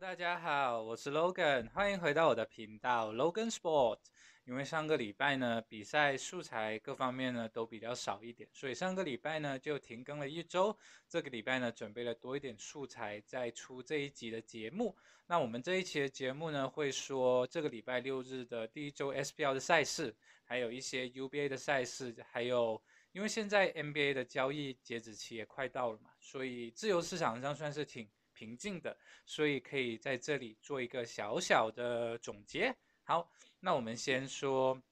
大家好，我是 Logan，歡迎回到我的頻道 Logan Sport。因為上個禮拜呢，比賽素材各方面呢都比較少一點，所以上個禮拜呢就停更了一周。這個禮拜呢，準備了多一點素材，再出這一集的節目。那我們這一期的節目呢，會說這個禮拜六日的第一周 SBL 的賽事，還有一些 UBA 的賽事，還有因為現在 NBA 的交易截止期也快到了嘛，所以自由市場上算是挺平靜的，所以可以在這裡做一個小小的總結。好，那我們先說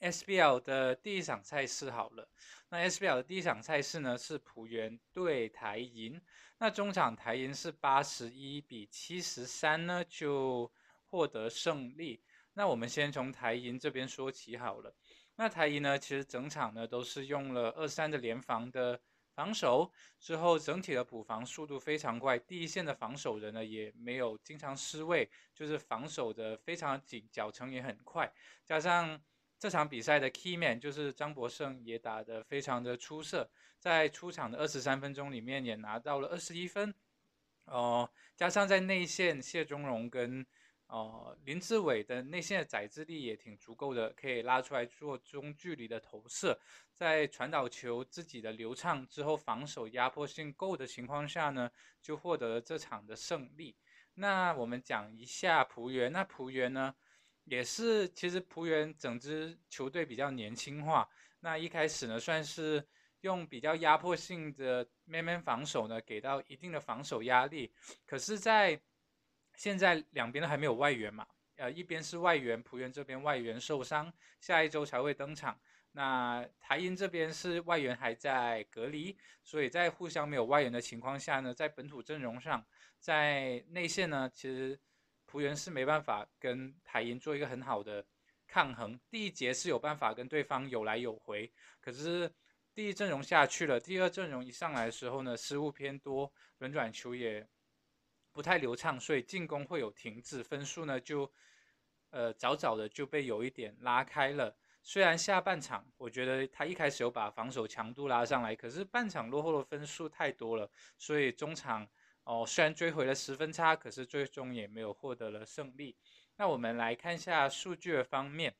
SBL 的第一場賽事好了。那 SBL 的第一場賽事呢，是璞園對台銀。那中場台銀是八十一比七十三呢，就獲得勝利。那我們先從台銀這邊說起好了。那台銀呢，其實整場呢都是用了二三的聯防的。防守之後，整體的補防速度非常快，第一線的防守人呢也沒有經常失位，就是防守的非常緊，腳程也很快。加上這場比賽的 key man 就是張博勝，也打得非常的出色，在出場的二十三分鐘裡面也拿到了二十一分，哦，加上在內線謝忠榮跟。哦，林志偉的內線的宰製力也挺足夠的，可以拉出來做中距離的投射，在傳導球自己的流暢之後，防守壓迫性夠的情況下呢，就獲得了這場的勝利。那我們講一下璞園，那璞園呢，也是其實璞園整支球隊比較年輕化。那一開始呢，算是用比較壓迫性的慢慢防守呢，給到一定的防守壓力，可是，在現在兩邊都還沒有外援嘛？呃，一邊是外援，璞園這邊外援受傷，下一周才會登場。那台銀這邊是外援還在隔離，所以在互相沒有外援的情況下呢，在本土陣容上，在內線呢，其實璞園是沒辦法跟台銀做一個很好的抗衡。第一節是有辦法跟對方有來有回，可是第一陣容下去了，第二陣容一上來的時候呢，失誤偏多，輪轉球也不太流暢，所以進攻會有停止，分數呢就，呃，早早的就被有一點拉開了。雖然下半場我覺得他一開始有把防守強度拉上來，可是半場落後的分數太多了，所以中場哦、呃，雖然追回了十分差，可是最終也沒有獲得了勝利。那我們來看一下數據的方面，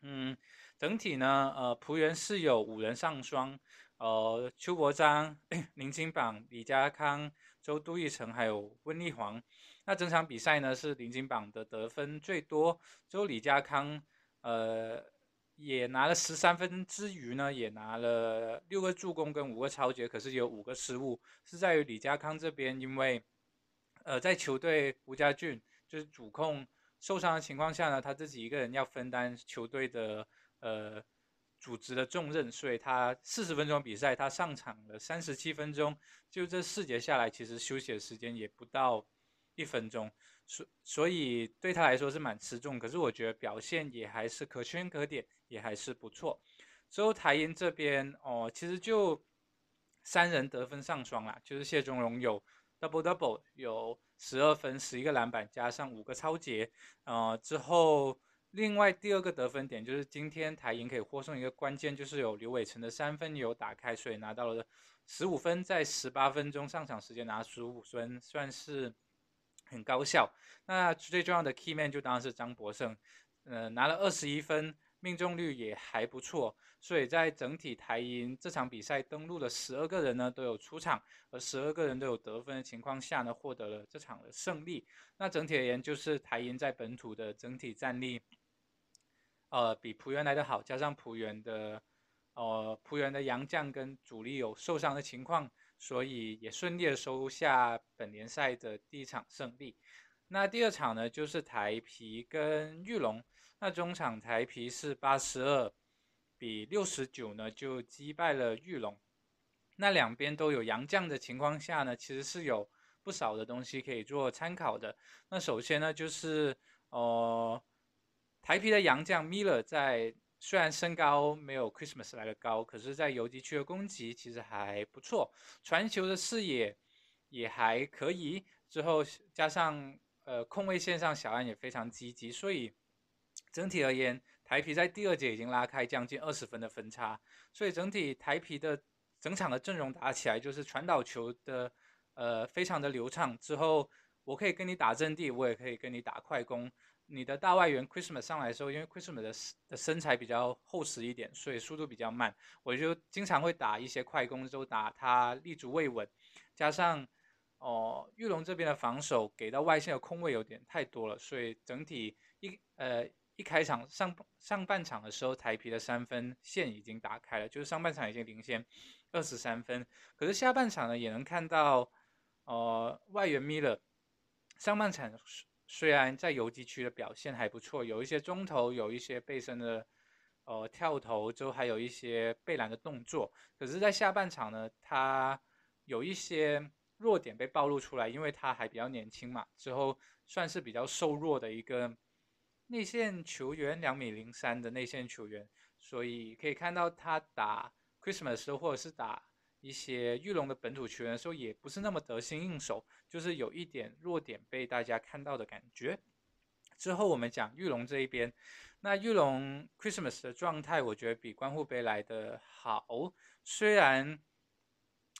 嗯，整體呢，呃，璞園是有五人上雙，呃，邱國章、林清榜、李家康，周度玉成還有溫立煌，那整場比賽呢是林金榜的得分最多，周李家康，呃也拿了十三分之餘呢，也拿了六個助攻跟五個抄截，可是有五個失誤，是在於李家康這邊，因為呃在球隊吳家駿就是主控受傷的情況下呢，他自己一個人要分擔球隊的呃。組織的重任，所以他四十分鐘比賽，他上場了三十七分鐘，就這四節下來，其實休息的時間也不到一分鐘，所所以對他來說是蠻吃重。可是我覺得表現也還是可圈可點，也還是不錯。之後台銀這邊哦，其實就三人得分上雙啦，就是謝鍾榮有 double double，有十二分、十一個籃板，加上五個抄截，呃，之後。另外第二個得分點就是今天台銀可以獲勝一個關鍵，就是有劉偉成的三分有打開，所以拿到了十五分，在十八分鐘上場時間拿十五分，算是很高效。那最重要的 key man 就當然是張博勝，呃，拿了二十一分，命中率也還不錯，所以在整體台銀這場比賽登陸的十二個人呢都有出場，而十二個人都有得分的情況下呢，獲得了這場的勝利。那整體而言就是台銀在本土的整體戰力。呃，比璞園來得好，加上璞園的，呃，璞園的洋將，跟主力有受傷的情況，所以也順利的收下本聯賽的第一場勝利。那第二場呢，就是台啤跟裕隆。那中場台啤是八十二比六十九呢，就擊敗了裕隆。那兩邊都有洋將的情況下呢，其實是有不少的東西可以做參考的。那首先呢，就是呃。台啤的洋將 Miller 在雖然身高沒有 Christmas 來的高，可是，在油漆區的攻擊其實還不錯，傳球的視野也還可以。之後加上呃，控衛線上小安也非常積極，所以整體而言，台啤在第二節已經拉開將近二十分的分差。所以整體台啤的整場的陣容打起來就是傳導球的呃非常的流暢。之後我可以跟你打陣地，我也可以跟你打快攻。你的大外援 Christmas 上來的時候，因為 Christmas 的的身材比較厚實一點，所以速度比較慢，我就經常會打一些快攻，就打他立足未穩。加上哦、呃，裕隆這邊的防守給到外線的空位有點太多了，所以整體一呃一開場上上半場的時候，台啤的三分線已經打開了，就是上半場已經領先二十三分。可是下半場呢，也能看到呃外援 Miller 上半場。雖然在油漆區的表現還不錯，有一些中投，有一些背身的，呃跳投，之後還有一些背籃的動作。可是，在下半場呢，他有一些弱點被暴露出來，因為他還比較年輕嘛，之後算是比較瘦弱的一個內線球員，兩米零三的內線球員，所以可以看到他打 Christmas 或者是打。一些裕隆的本土球員，說也不是那麼得心應手，就是有一點弱點被大家看到的感覺。之後我們講裕隆這一邊，那裕隆 Christmas 的狀態，我覺得比關戶盃來得好。雖然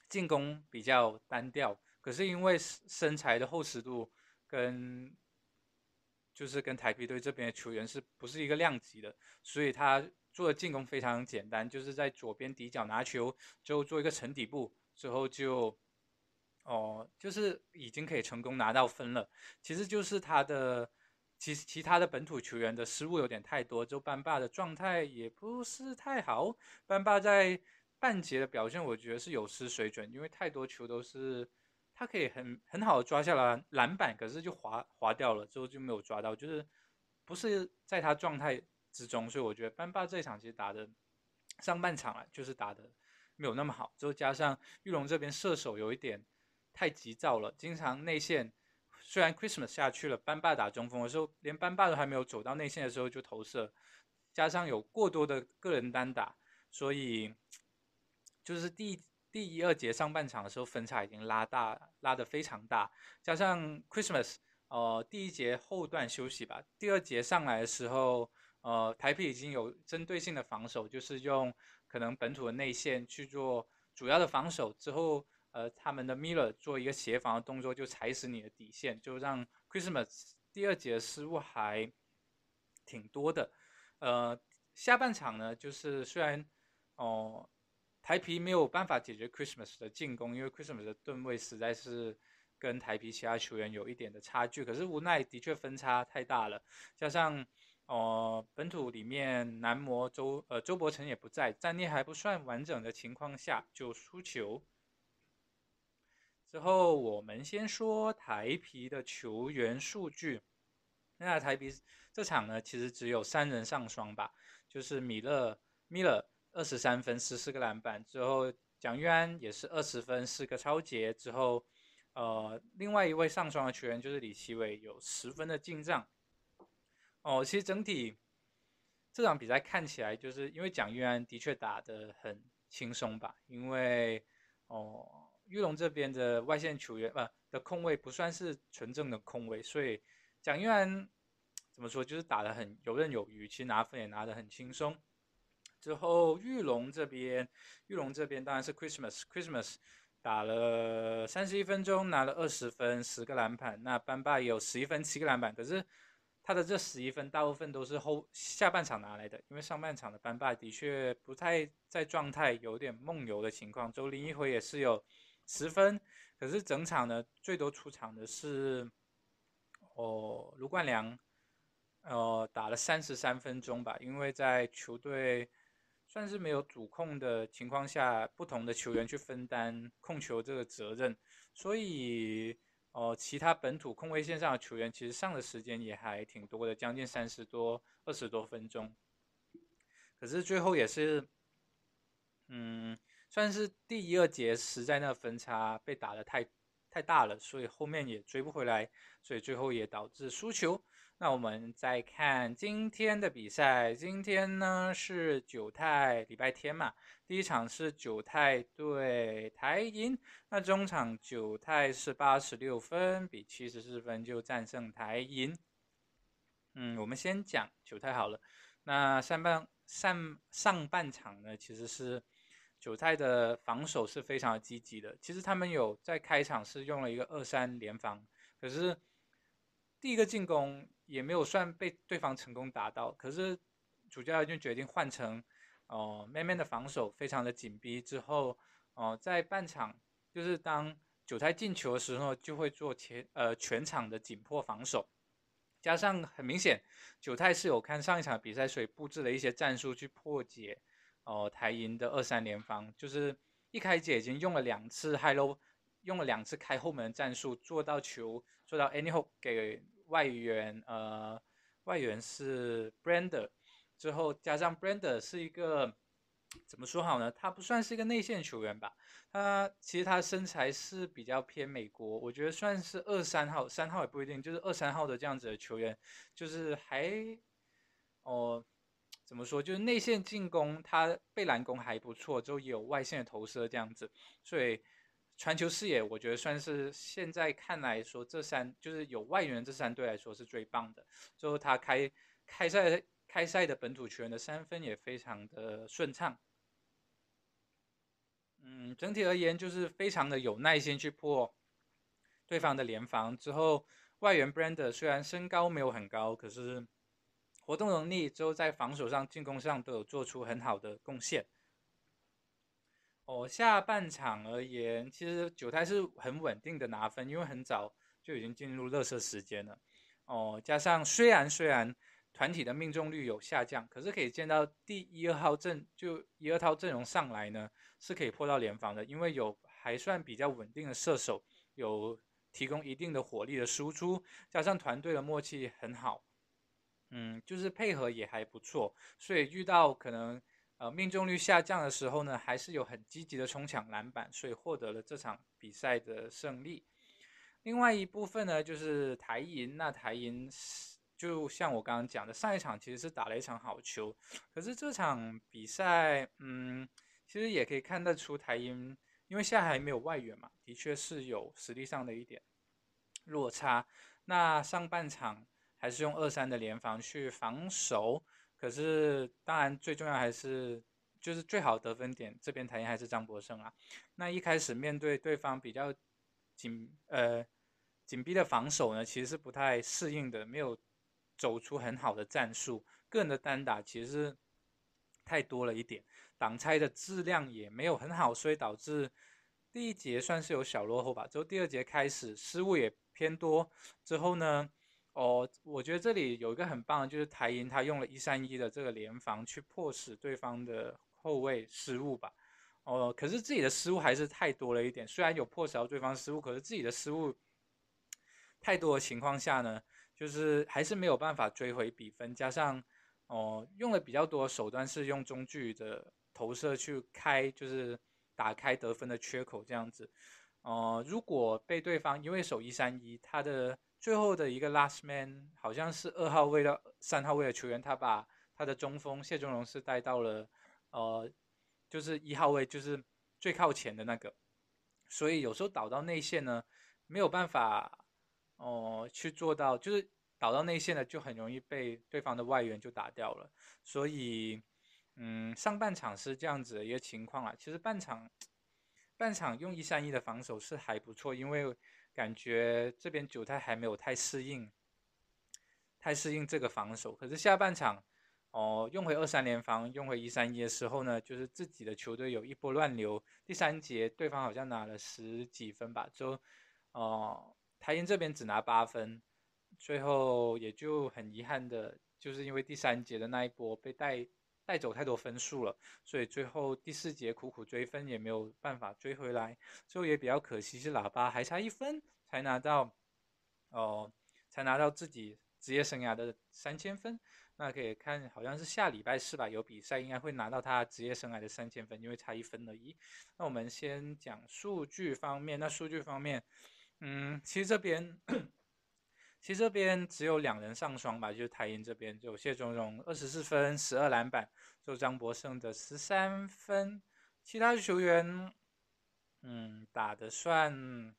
進攻比較單調，可是因為身材的厚實度跟就是跟台啤隊這邊的球員是不是一個量級的，所以他。做的進攻非常簡單，就是在左邊底角拿球，之後做一個沉底部，之後就，哦，就是已經可以成功拿到分了。其實就是他的其，其實其他的本土球員的失誤有點太多，就班霸的狀態也不是太好。班霸在半截的表現，我覺得是有失水準，因為太多球都是他可以很很好的抓下來籃板，可是就滑滑掉了，之後就沒有抓到，就是不是在他狀態。之中，所以我覺得班霸這場其實打得上半場啊，就是打得沒有那麼好。之後加上裕隆這邊射手有一點太急躁了，經常內線雖然 Christmas 下去了，班霸打中鋒的時候，連班霸都還沒有走到內線的時候就投射，加上有過多的個人單打，所以就是第一第一二節上半場的時候分差已經拉大，拉得非常大。加上 Christmas 呃第一節後段休息吧，第二節上來的時候。呃，台啤已經有針對性的防守，就是用可能本土的內線去做主要的防守之後，呃，他們的 Miller 做一個協防的動作，就踩死你的底線，就讓 Christmas 第二節失誤還挺多的。呃，下半場呢，就是雖然哦、呃，台啤沒有辦法解決 Christmas 的進攻，因為 Christmas 的噸位實在是跟台啤其他球員有一點的差距，可是無奈的確分差太大了，加上。哦、呃，本土裡面男模周呃周伯成也不在，戰力還不算完整的情況下就輸球。之後我們先說台啤的球員數據，那台啤這場呢，其實只有三人上雙吧，就是米勒，米勒二十三分十四個籃板之後，蔣淯安也是二十分四個抄截之後，呃，另外一位上雙的球員就是李奇偉有十分的進賬。哦，其實整體這場比賽看起來就是因為蔣淯安的確打得很輕鬆吧，因為哦，裕隆這邊的外線球員不、呃、的控衛不算是純正的控衛，所以蔣淯安怎麼說就是打得很游刃有餘，其實拿分也拿得很輕鬆。之後裕隆這邊，裕隆這邊當然是 Christmas，Christmas Christmas 打了三十一分鐘，拿了二十分，十個籃板，那班霸也有十一分，七個籃板，可是。他的這十一分大部分都是後下半場拿來的，因為上半場的班霸的確不太在狀態，有點夢遊的情況。周林一回也是有十分，可是整場呢最多出場的是哦盧冠良，呃、哦、打了三十三分鐘吧，因為在球隊算是沒有主控的情況下，不同的球員去分擔控球這個責任，所以。哦，其他本土控衛線上的球員其實上的時間也還挺多的，將近三十多、二十多分鐘。可是最後也是，嗯，算是第一二節實在那分差被打的太太大了，所以後面也追不回來，所以最後也導致輸球。那我們再看今天的比賽。今天呢是九太禮拜天嘛，第一場是九太對台銀。那中場九太是八十六分比七十四分就戰勝台銀。嗯，我們先講九太好了。那上半上上半場呢，其實是九太的防守是非常的積極的。其實他們有在開場是用了一個二三聯防，可是。第一個進攻也沒有算被對方成功打到，可是主教練就決定換成，哦，man man 的防守非常的緊逼之後，哦，在半場就是當九太進球的時候，就會做全呃全場的緊迫防守，加上很明顯九太是有看上一場比賽，所以布置了一些戰術去破解哦台銀的二三聯防，就是一開節已經用了兩次 high low。用了兩次開後門的戰術，做到球做到 alley-oop 給外援，呃，外援是 Brander，之後加上 Brander 是一個怎麼說好呢？他不算是一個內線球員吧？他其實他身材是比較偏美國，我覺得算是二三號，三號也不一定，就是二三號的這樣子的球員，就是還哦怎麼說？就是內線進攻，他背籃攻還不錯，之後也有外線的投射這樣子，所以。傳球視野，我覺得算是現在看來說，這三就是有外援這三隊來說是最棒的。之後他開開賽開賽的本土球員的三分也非常的順暢。嗯，整體而言就是非常的有耐心去破對方的聯防。之後外援 Brander 雖然身高沒有很高，可是活動能力之後在防守上、進攻上都有做出很好的貢獻。哦，下半場而言，其實九太是很穩定的拿分，因為很早就已經進入垃圾時間了。哦，加上雖然雖然團體的命中率有下降，可是可以見到第一二號陣就一二套陣容上來呢，是可以破到聯防的，因為有還算比較穩定的射手，有提供一定的火力的輸出，加上團隊的默契很好，嗯，就是配合也還不錯，所以遇到可能。呃，命中率下降的時候呢，還是有很積極的衝搶籃板，所以獲得了這場比賽的勝利。另外一部分呢，就是台銀。那台銀就像我剛剛講的，上一場其實是打了一場好球，可是這場比賽，嗯，其實也可以看得出台銀，因為現在還沒有外援嘛，的確是有實力上的一點落差。那上半場還是用二三的聯防去防守。可是，當然最重要還是就是最好得分點這邊坦言，還是張博勝啊，那一開始面對對方比較緊呃緊逼的防守呢，其實是不太適應的，沒有走出很好的戰術，個人的單打其實太多了一點，擋拆的質量也沒有很好，所以導致第一節算是有小落後吧。之後第二節開始失誤也偏多，之後呢？哦，我覺得這裡有一個很棒的，就是台銀他用了一三一的這個聯防去迫使對方的後衛失誤吧。哦，可是自己的失誤還是太多了一點，雖然有迫使到對方失誤，可是自己的失誤太多的情況下呢，就是還是沒有辦法追回比分。加上哦，用了比較多的手段是用中距的投射去開，就是打開得分的缺口這樣子。呃、哦，如果被對方因為守一三一，他的。最後的一個 last man 好像是二號位到三號位的球員，他把他的中鋒謝中榮是帶到了，呃，就是一號位，就是最靠前的那個。所以有時候倒到內線呢，沒有辦法，哦、呃，去做到就是倒到內線呢，就很容易被對方的外援就打掉了。所以，嗯，上半場是這樣子的一個情況了、啊。其實半場半場用一三一的防守是還不錯，因為。感覺這邊九太還沒有太適應，太適應這個防守。可是下半場，哦、呃，用回二三聯防，用回一三一的時候呢，就是自己的球隊有一波亂流。第三節對方好像拿了十幾分吧，就、so, 哦、呃，台灣這邊只拿八分，最後也就很遺憾的，就是因為第三節的那一波被帶帶走太多分數了，所以最後第四節苦苦追分也沒有辦法追回來。最後也比較可惜，是喇叭還差一分才拿到，哦，才拿到自己職業生涯的三千分。那可以看，好像是下禮拜四吧，有比賽，應該會拿到他職業生涯的三千分，因為差一分而已。那我們先講數據方面，那數據方面，嗯，其實這邊。 其實這邊只有兩人上雙吧，就是台銀這邊，就謝宗融二十四分十二籃板，就張博勝的十三分，其他球員嗯打得算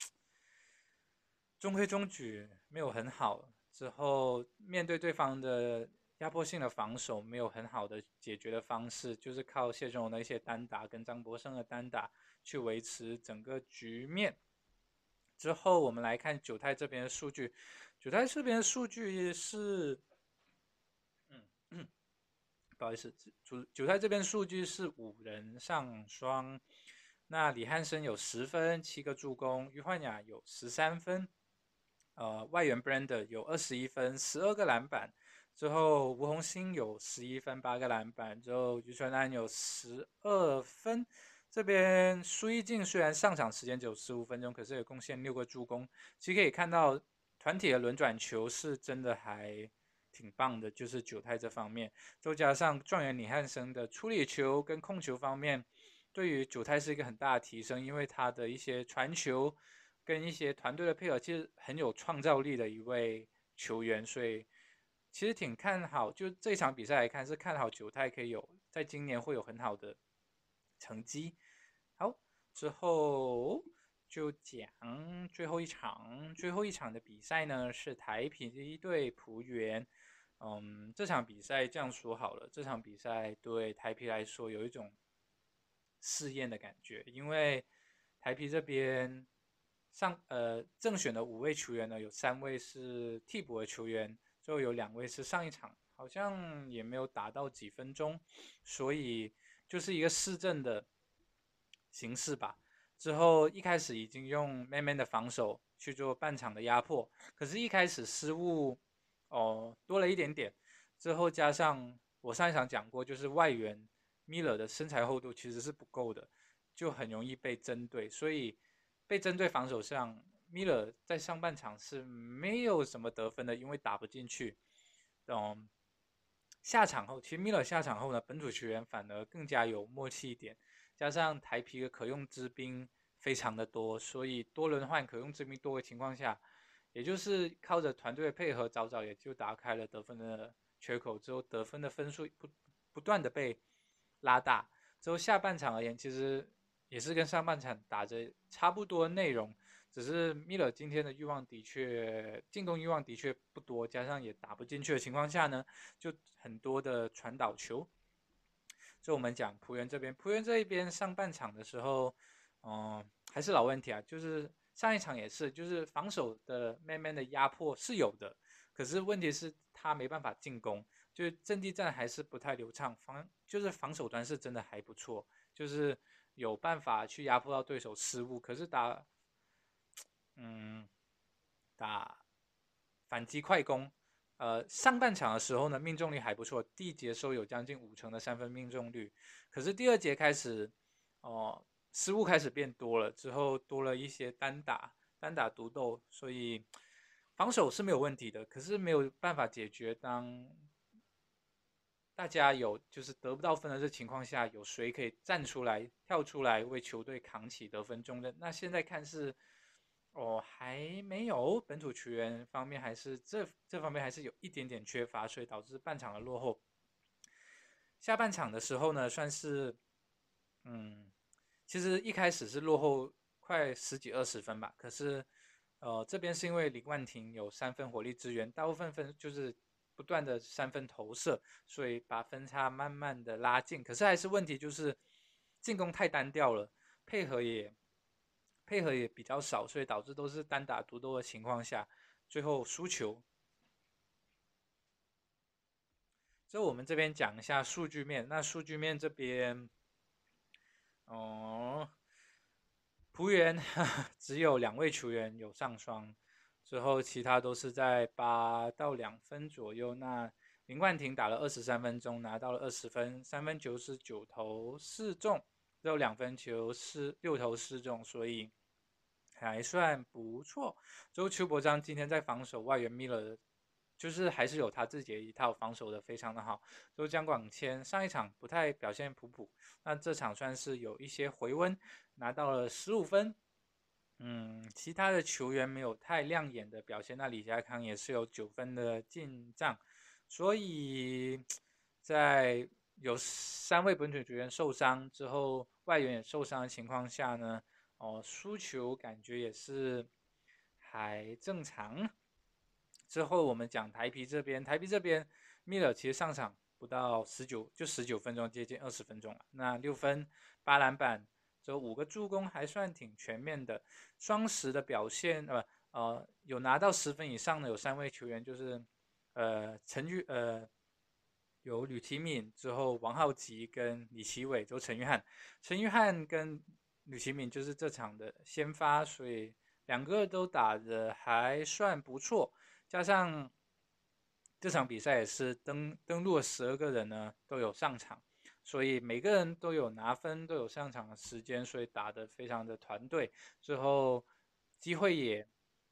中規中矩，沒有很好。之後面對對方的壓迫性的防守，沒有很好的解決的方式，就是靠謝宗融的一些單打跟張博勝的單打去維持整個局面。之後我們來看九太這邊的數據。九太這邊數據是，嗯，嗯，不好意思，主九太這邊數據是五人上雙，那李漢昇有十分七個助攻，余煥亞有十三分，呃，外援 Brander 有二十一分十二個籃板，板，之後吳紅星有十一分八個籃板，之後余春安有十二分，這邊舒一靜雖然上場時間只有十五分鐘，可是也貢獻六個助攻，其實可以看到。團體的輪轉球是真的還挺棒的，就是九太這方面，再加上狀元李漢森的處理球跟控球方面，對於九太是一個很大的提升，因為他的一些傳球跟一些團隊的配合，其實很有創造力的一位球員，所以其實挺看好，就這場比賽來看是看好九太可以有在今年會有很好的成績。好，之後。就講最後一場，最後一場的比賽呢，是台啤對璞園，嗯，這場比賽這樣說好了，這場比賽對台啤來說有一種試驗的感覺，因為台啤這邊上呃正選的五位球員呢，有三位是替補的球員，就有兩位是上一場好像也沒有打到幾分鐘，所以就是一個試陣的形式吧。之後一開始已經用 man man 的防守去做半場的壓迫，可是，一開始失誤，哦，多了一點點。之後加上我上一場講過，就是外援 Miller 的身材厚度其實是不夠的，就很容易被針對。所以被針對防守上，Miller 在上半場是沒有什麼得分的，因為打不進去。嗯，下場後，其實 Miller 下場後呢，本土球員反而更加有默契一點。加上台啤的可用之兵非常的多，所以多輪換可用之兵多的情況下，也就是靠着團隊的配合，早早也就打開了得分的缺口，之後得分的分數不不斷的被拉大。之後下半場而言，其實也是跟上半場打着差不多的內容，只是 Miller 今天的欲望的確，進攻欲望的確不多，加上也打不進去的情況下呢，就很多的傳導球。就我們講璞園這邊，璞園這一邊上半場的時候，嗯，還是老問題啊，就是上一場也是，就是防守的慢慢的壓迫是有的，可是問題是他沒辦法進攻，就是陣地戰還是不太流暢，防就是防守端是真的還不錯，就是有辦法去壓迫到對手失誤，可是打，嗯，打反擊快攻。呃，上半場的時候呢，命中率還不錯，第一節收有將近五成的三分命中率。可是第二節開始，哦、呃，失誤開始變多了，之後多了一些單打、單打獨鬥，所以防守是沒有問題的，可是沒有辦法解決當大家有就是得不到分的這情況下，有誰可以站出來、跳出來為球隊扛起得分重任？那現在看是。哦，還沒有，本土球員方面，還是這這方面還是有一點點缺乏，所以導致半場的落後。下半場的時候呢，算是，嗯，其實一開始是落後快十幾二十分吧。可是，呃，這邊是因為李冠廷有三分火力支援，大部分分就是不斷的三分投射，所以把分差慢慢的拉近。可是還是問題就是進攻太單調了，配合也。配合也比較少，所以導致都是單打獨鬥的情況下，最後輸球。之後我們這邊講一下數據面，那數據面這邊，哦，球員只有兩位球員有上雙，之後其他都是在八到兩分左右。那林冠廷打了二十三分鐘，拿到了二十分，三分球是九投四中，之後兩分球是六投四中，所以。還算不錯。周邱伯章今天在防守外援米勒，就是還是有他自己的一套防守的非常的好。就江廣謙上一場不太表現普普，那這場算是有一些回溫，拿到了十五分。嗯，其他的球員沒有太亮眼的表現。那李佳康也是有九分的進賬。所以，在有三位本土球員受傷之後，外援也受傷的情況下呢？哦，輸球感覺也是還正常。之後我們講台啤這邊，台啤這邊，米勒其實上場不到十九，就十九分鐘，接近二十分鐘了。那六分八籃板，這五個助攻還算挺全面的，雙十的表現，呃呃，有拿到十分以上的有三位球員，就是，呃，陳玉，呃，有呂啟敏，之後王浩吉跟李奇偉，就陳玉漢，陳玉漢跟。呂其敏就是這場的先發，所以兩個都打得還算不錯，加上這場比賽也是登登錄了十二個人呢，都有上場，所以每個人都有拿分，都有上場的時間，所以打得非常的團隊。最後機會也，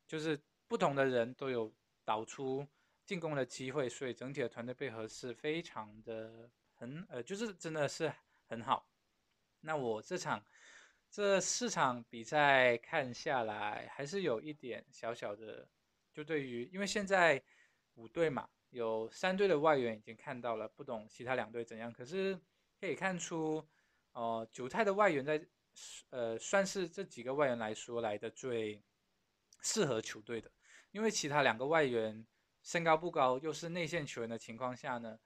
就是不同的人都有導出進攻的機會，所以整體的團隊配合是非常的很呃，就是真的是很好。那我這場。這四場比賽看下來，還是有一點小小的。就對於，因為現在五隊嘛，有三隊的外援已經看到了，不懂其他兩隊怎樣。可是可以看出，哦、呃，九太的外援在，呃，算是這幾個外援來說來的最適合球隊的。因為其他兩個外援身高不高，又是內線球員的情況下呢，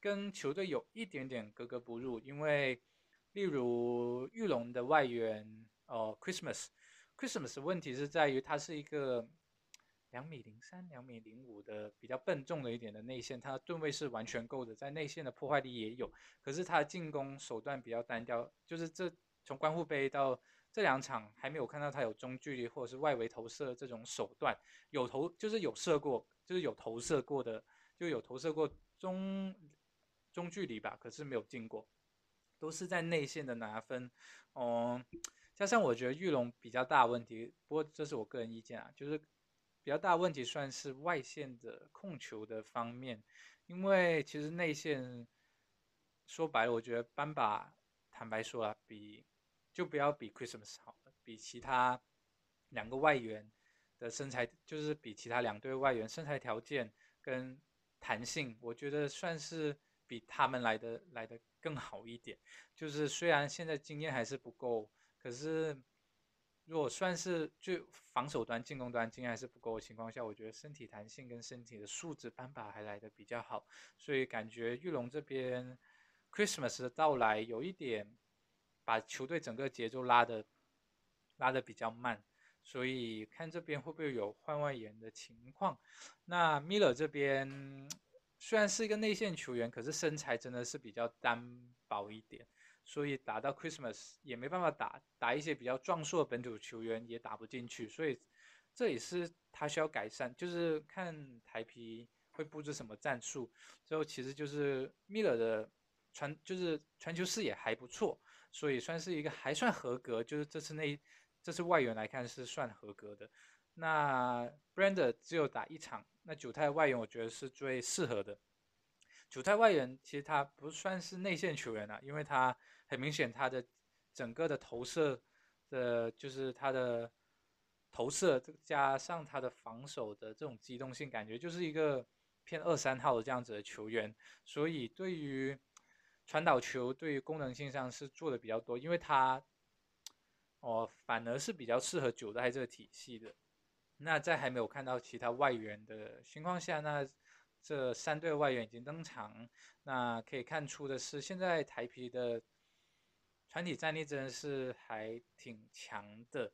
跟球隊有一點點格格不入，因為。例如，玉龍的外援呃、哦、Christmas，Christmas 問題是在於，他是一個兩米零三、兩米零五的比較笨重的一點的內線，他的噸位是完全夠的，在內線的破壞力也有。可是他進攻手段比較單調，就是這從關戶杯到這兩場還沒有看到他有中距離或者是外圍投射的這種手段。有投就是有射過，就是有投射過的，就有投射過中中距離吧，可是沒有進過。都是在內線的拿分，嗯，加上我覺得裕隆比較大問題，不過這是我個人意見啊，就是比較大問題算是外線的控球的方面，因為其實內線說白了，我覺得班巴坦白說啊，比就不要比 Christmas 好了，比其他兩個外援的身材，就是比其他兩隊外援身材條件跟彈性，我覺得算是比他們來的來的。更好一點，就是雖然現在經驗還是不夠，可是如果算是就防守端、進攻端經驗還是不夠的情況下，我覺得身體彈性跟身體的素質、搬法還來得比較好，所以感覺玉龍這邊 Christmas 的到來有一點把球隊整個節奏拉得拉得比較慢，所以看這邊會不會有換外援的情況。那 Miller 這邊。雖然是一個內線球員，可是身材真的是比較單薄一點，所以打到 Christmas 也沒辦法打，打一些比較壯碩的本土球員也打不進去，所以這也是他需要改善。就是看台啤會布置什麼戰術，最後其實就是 Miller 的傳，就是傳球視野還不錯，所以算是一個還算合格，就是這次內，這次外援來看是算合格的。那 Branda 只有打一場。那九太外援我覺得是最適合的，九太外援其實他不算是內線球員啊，因為他很明顯，他的整個的投射，的就是他的投射，加上他的防守的這種機動性，感覺就是一個偏二三號的這樣子的球員，所以對於傳導球，對於功能性上是做的比較多，因為他哦反而是比較適合九太這個體系的。那在還沒有看到其他外援的情況下，那這三隊外援已經登場，那可以看出的是，現在台啤的團體戰力真的是還挺強的。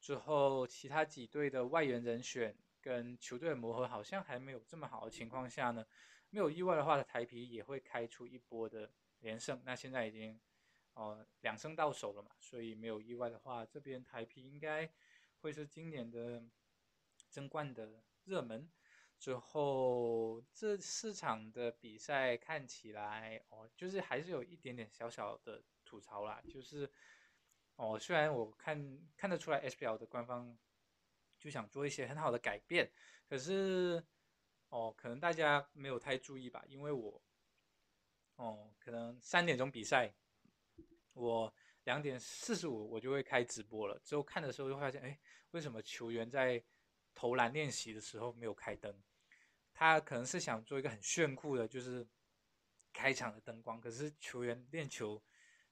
之後其他幾隊的外援人選跟球隊的磨合好像還沒有這麼好的情況下呢，沒有意外的話，台啤也會開出一波的連勝。那現在已經，哦兩勝到手了嘛，所以沒有意外的話，這邊台啤應該會是今年的。爭冠的熱門。之後這四場的比賽看起來，哦，就是還是有一點點小小的吐槽啦，就是，哦，雖然我看看得出來 SBL 的官方就想做一些很好的改變，可是，哦，可能大家沒有太注意吧，因為我，哦，可能三點鐘比賽，我兩點四十五我就會開直播了，之後看的時候就發現，哎，為什麼球員在投籃練習的時候沒有開燈，他可能是想做一個很炫酷的，就是開場的燈光。可是球員練球，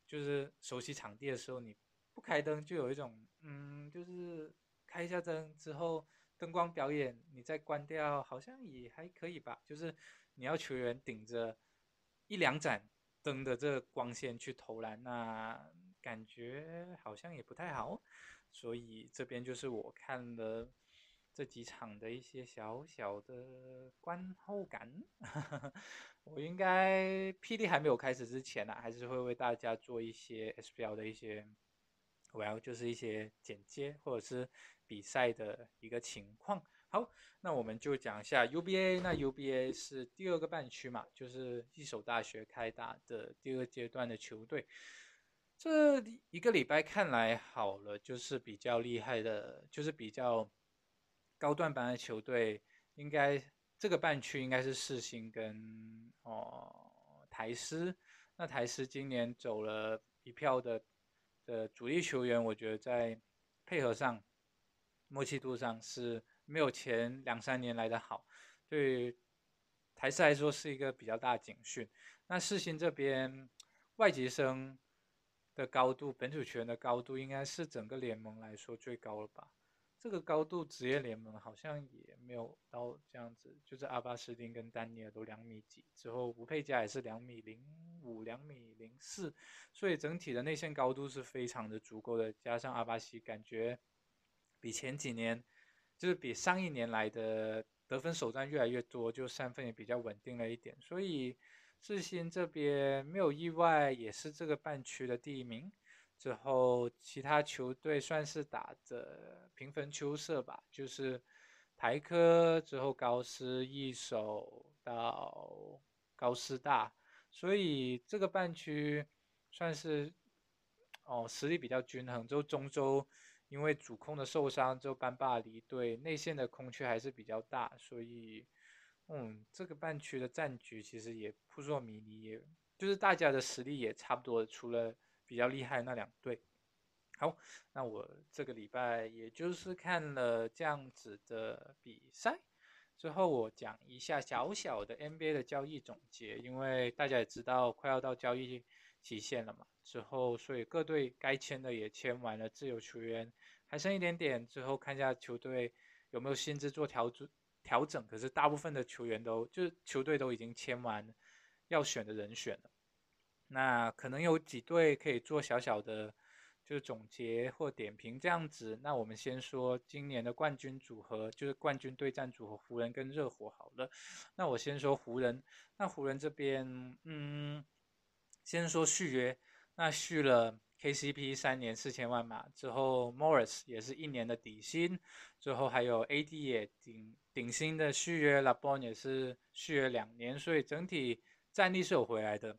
就是熟悉場地的時候，你不開燈就有一種，嗯，就是開一下燈之後，燈光表演你再關掉，好像也還可以吧？就是你要球員頂着一兩盞燈的這個光線去投籃，那感覺好像也不太好。所以這邊就是我看的。這幾場的一些小小的觀後感， 我應該 P+ 還沒有開始之前呢、啊，還是會為大家做一些 SBL 的一些，well 就是一些簡介或者是比賽的一個情況。好，那我們就講一下 UBA，那 UBA 是第二個半區嘛，就是一所大學開打的第二階段的球隊。這一個禮拜看來好了，就是比較厲害的，就是比較。高段班的球隊，應該這個半區應該是世新跟哦台師。那台師今年走了一票的的主力球員，我覺得在配合上、默契度上是沒有前兩三年來的好。對於台師來說是一個比較大的警訊。那世新這邊外籍生的高度、本土球員的高度，應該是整個聯盟來說最高了吧？這個高度職業聯盟好像也沒有到這樣子，就是阿巴斯丁跟丹尼爾都兩米幾，之後吳佩嘉也是兩米零五、兩米零四，所以整體的內線高度是非常的足夠的。加上阿巴西感覺比前幾年，就是比上一年來的得分手段越來越多，就三分也比較穩定了一點，所以智新這邊沒有意外，也是這個半區的第一名。之後，其他球隊算是打的平分秋色吧，就是台科之後高師一手到高師大，所以這個半區算是哦實力比較均衡。之後中周因為主控的受傷之後班霸離隊，內線的空缺還是比較大，所以嗯這個半區的戰局其實也撲朔迷離，就是大家的實力也差不多，除了。比較厲害的那兩隊，好，那我這個禮拜也就是看了這樣子的比賽。之後我講一下小小的 NBA 的交易總結，因為大家也知道快要到交易期限了嘛，之後所以各隊該簽的也簽完了，自由球員還剩一點點，之後看一下球隊有沒有薪資做調整調整，可是大部分的球員都就是球隊都已經簽完要選的人選了。那可能有幾隊可以做小小的，就是總結或點評這樣子。那我們先說今年的冠軍組合，就是冠軍對戰組合，湖人跟熱火好了。那我先說湖人，那湖人這邊，嗯，先說續約，那續了 KCP 三年四千萬嘛，之後 Morris 也是一年的底薪，最後還有 AD 也頂頂薪的續約了，LeBron 也是續約兩年，所以整體戰力是有回來的。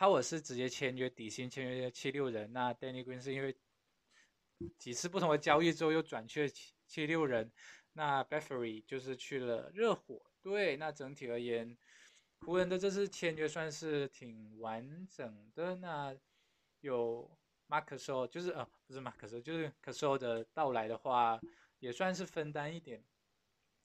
Howard 是直接簽約底薪簽約七六人，那 Danny Green 是因為幾次不同的交易之後又轉去了七六人，那 Baffery 就是去了熱火。對，那整體而言，湖人的這次簽約算是挺完整的。那有 Marc Gasol 就是呃、哦、不是 Marc Gasol，就是 Gasol 的到來的話，也算是分擔一點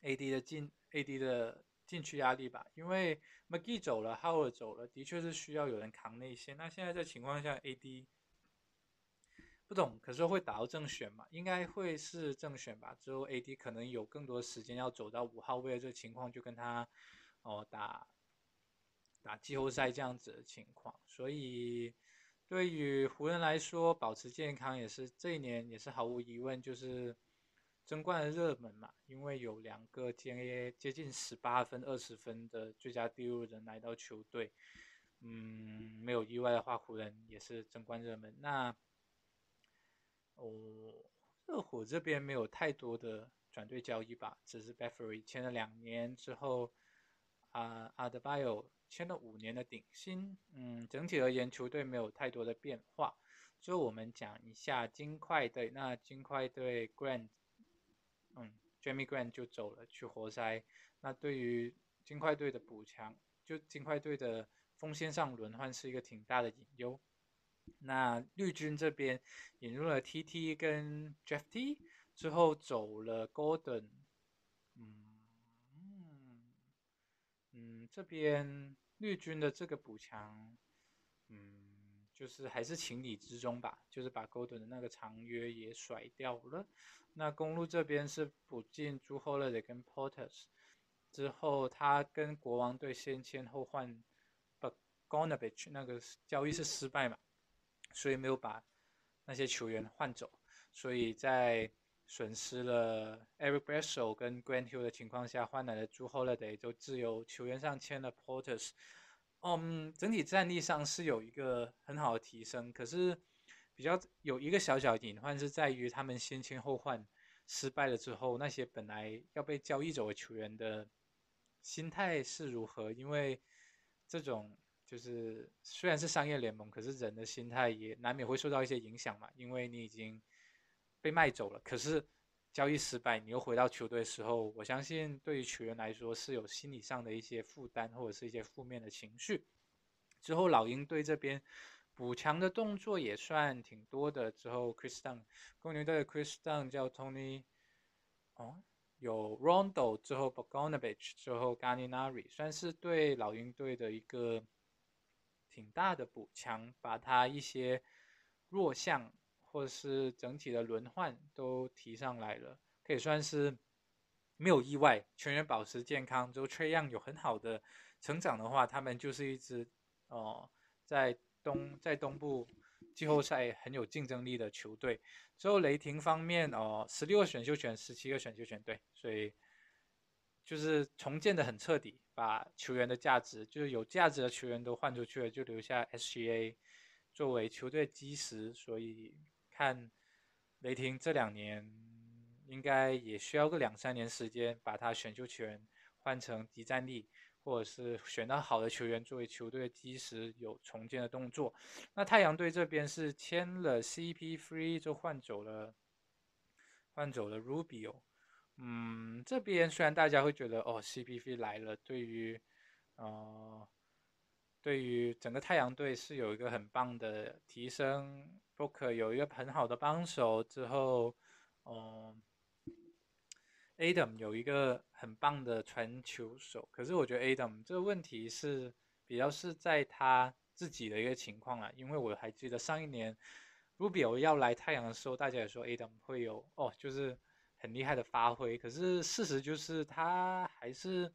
AD 的進 AD 的。禁區壓力吧，因為 McGee 走了，Howard 走了，的確是需要有人扛內線。那現在這情況下，AD 不懂，可是會打到正選嘛？應該會是正選吧。之後 AD 可能有更多時間要走到五號位的這個情況，就跟他哦打打季後賽這樣子的情況。所以對於湖人來說，保持健康也是這一年也是毫無疑問就是。爭冠的熱門嘛，因為有兩個 NBA 接近十八分、二十分的最佳第六人來到球隊，嗯，沒有意外的話，湖人也是爭冠熱門。那哦，熱火這邊沒有太多的轉隊交易吧，只是 Baffery 簽了兩年之後，啊，阿德巴約簽了五年的頂薪，嗯，整體而言球隊沒有太多的變化。最後我們講一下金塊隊，那金塊隊 Grant，Jimmy Grant 就走了，去活塞。那對於金塊隊的補強，就金塊隊的鋒線上輪換是一個挺大的隱憂。那綠軍這邊引入了 TT 跟 Jeff T，之後走了 Gordon。嗯嗯，這邊綠軍的這個補強，嗯。就是還是情理之中吧，就是把 Golden 的那個長約也甩掉了。那公鹿這邊是補進朱赫勒德跟 Portis 之後，他跟國王隊先簽後換 Bogdanovic 那個交易是失敗嘛，所以沒有把那些球員換走。所以在損失了 Eric Bledsoe 跟 Grant Hill 的情況下，換來了朱赫勒德，就自由球員上簽了 Portis。嗯，um，整體戰力上是有一個很好的提升，可是比較有一個小小隱患是在於他們先簽後換失敗了之後，那些本來要被交易走的球員的心態是如何？因為這種就是雖然是商業聯盟，可是人的心態也難免會受到一些影響嘛，因為你已經被賣走了，可是。交易失敗，你又回到球隊的時候，我相信對於球員來說是有心理上的一些負擔，或者是一些負面的情緒。之後老鷹隊這邊補強的動作也算挺多的。之後 Kris Dunn 公牛隊的 Kris Dunn 叫 Tony，哦，有 Rondo，之後 Bogdanovic 之後 Gallinari 算是對老鷹隊的一個挺大的補強，把他一些弱項，或者是整體的輪換都提上來了，可以算是沒有意外，全員保持健康之後，這樣有，有很好的成長的話，他們就是一支哦、呃，在東在東部季後賽很有競爭力的球隊。之後雷霆方面哦，十、呃、六個選秀權，十七個選秀權，對，所以就是重建得很徹底，把球員的價值，就是有價值的球員都換出去了，就留下 SGA 作為球隊基石，所以。看雷霆這兩年應該也需要個兩三年時間，把他選秀權換成即戰力，或者是選到好的球員作為球隊的基石，有重建的動作。那太陽隊這邊是簽了 CP3 就換走了，換走了 Rubio。嗯，這邊雖然大家會覺得哦 CP3 來了，對於呃對於整個太陽隊是有一個很棒的提升。Booker 有一個很好的幫手，之後，嗯，Adam 有一個很棒的傳球手。可是我覺得 Adam 這個問題是比較是在他自己的一個情況啊，因為我還記得上一年 Rubio 要來太陽的時候，大家也說 Adam 會有哦，就是很厲害的發揮。可是事實就是他還是，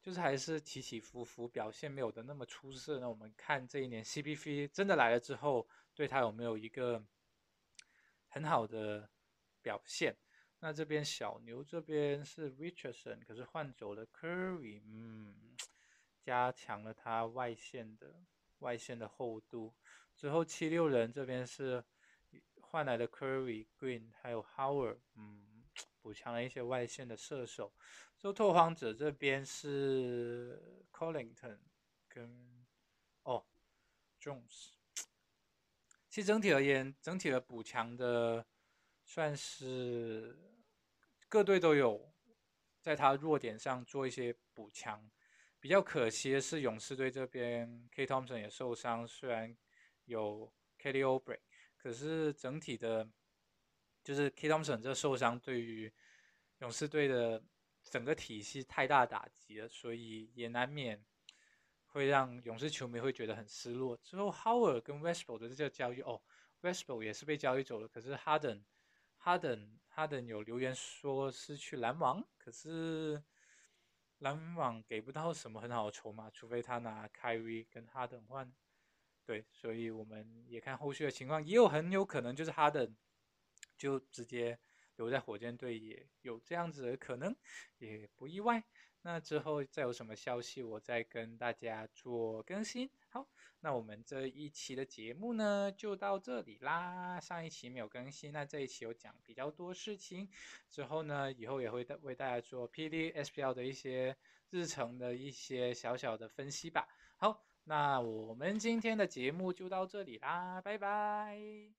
就是還是起起伏伏，表現沒有的那麼出色。那我們看這一年 CPC 真的來了之後。對他有沒有一個很好的表現？那這邊小牛這邊是 Richardson，可是換走了 Curry，嗯，加強了他外線的外線的厚度。之後七六人這邊是換來的 Curry、Green 還有 Howard，嗯，補強了一些外線的射手。之後拓荒者這邊是 Collington 跟哦 Jones。其實整體而言，整體的補強的，算是各隊都有，在他弱點上做一些補強。比較可惜的是，勇士隊這邊 K. Thompson 也受傷，雖然有 Kelly Oubre，可是整體的，就是 K. Thompson 這受傷對於勇士隊的整個體系太大打擊了，所以也難免。會讓勇士球迷會覺得很失落。之後 Howard 跟 Westbrook 的這個交易，哦，Westbrook 也是被交易走了。可是 Harden，Harden，Harden Harden, Harden 有留言說是去籃網，可是籃網給不到什麼很好的籌碼，除非他拿 Kyrie 跟 Harden 換。對，所以我們也看後續的情況，也有很有可能就是 Harden 就直接留在火箭隊，也有這樣子的可能，也不意外。那之後再有什麼消息，我再跟大家做更新。好，那我們這一期的節目呢，就到這裡啦。上一期沒有更新，那這一期有講比較多事情。之後呢，以後也會為大家做 P D S P L 的一些日程的一些小小的分析吧。好，那我們今天的節目就到這裡啦，拜拜。